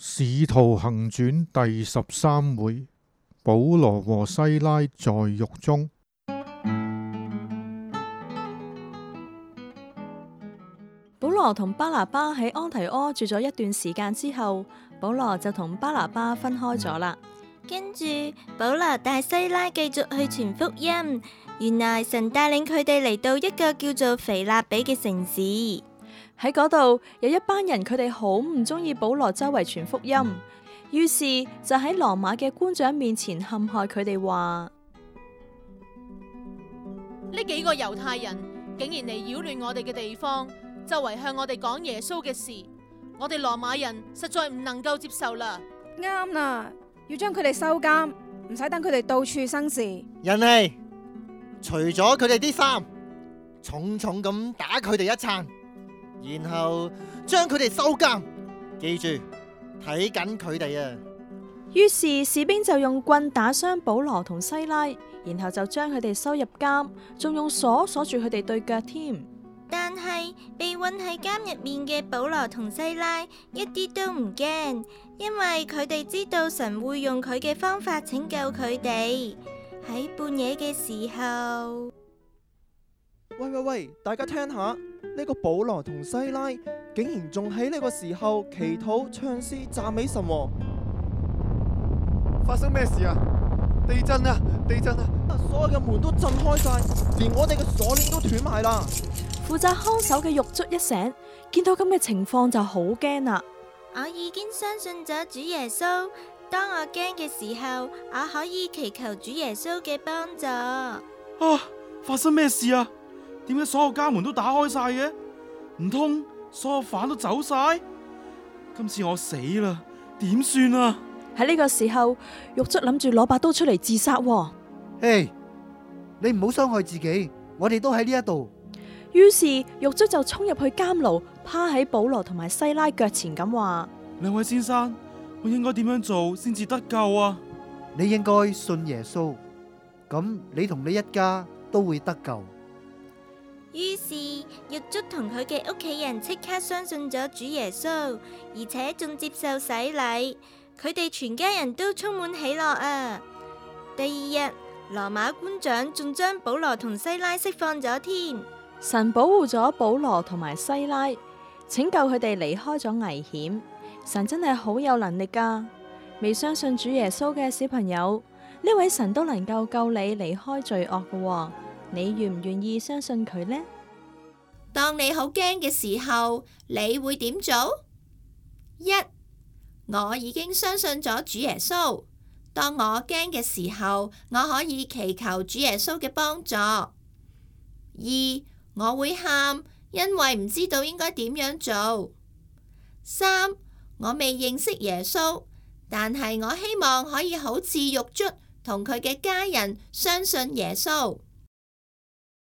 使徒行傳第十三回，保羅和西拉在獄中。保羅同巴拿巴喺安提阿住咗一段時間之後，保羅就同巴拿巴分開咗啦。跟住，保羅帶西拉繼續去傳福音。原來神帶領佢哋嚟到一個叫做腓立比嘅城市。喺嗰度有一班人，佢哋好唔中意保羅周圍傳福音，於是就喺羅馬嘅官長面前陷害佢哋，話呢幾個猶太人竟然嚟擾亂我哋嘅地方，周圍向我哋講耶穌嘅事，我哋羅馬人實在唔能夠接受啦。啱啦，要將佢哋收監，唔使等佢哋到處生事。人嚟，除咗佢哋啲衫，重重咁打佢哋一餐。然後將佢哋收監，記住睇緊佢哋啊！於是士兵就用棍打傷保羅同西拉，然後就將佢哋收入監，仲用鎖鎖住佢哋對腳添。但係被困喺監入面嘅保羅同西拉一啲都唔驚，因為佢哋知道神會用佢嘅方法拯救佢哋。喺半夜嘅時候，喂喂喂，大家聽下。呢個保羅同西拉竟然仲喺呢個時候祈禱唱詩讚美神喎！發生咩事啊？地震啊！地震啊！所有嘅門都震開晒，連我哋嘅鎖鏈都斷埋啦！負責看守嘅獄卒一醒，見到咁嘅情況就好驚啦！我已經相信咗主耶穌，當我驚嘅時候，我可以祈求主耶穌嘅幫助。啊！發生咩事啊？點解所有家門都打開晒嘅？唔通所有犯都走晒？今次我死啦，點算啊？喺呢個時候，獄卒諗住攞把刀出嚟自殺。嘿，你唔好傷害自己，我哋都喺呢一度。於是獄卒就衝入去監牢，趴喺保羅同埋西拉腳前，咁話：兩位先生，我應該點樣做先至得救啊？你應該信耶穌，咁你同你一家都會得救。於是，獄卒同佢嘅屋企人即刻相信咗主耶穌，而且仲接受洗禮。佢哋全家人都充滿喜樂啊！第二日，羅馬官長仲將保羅同西拉釋放咗添。神保護咗保羅同埋西拉，拯救佢哋離開咗危險。神真係好有能力噶！未相信主耶穌嘅小朋友，呢位神都能夠救你離開罪惡噶。你願唔願意相信佢呢？當你好驚嘅時候，你會點做？一，我已經相信咗主耶穌。當我驚嘅時候，我可以祈求主耶穌嘅幫助。二，我會喊，因為唔知道應該點樣做。三，我未認識耶穌，但係我希望可以好似獄卒同佢嘅家人相信耶穌。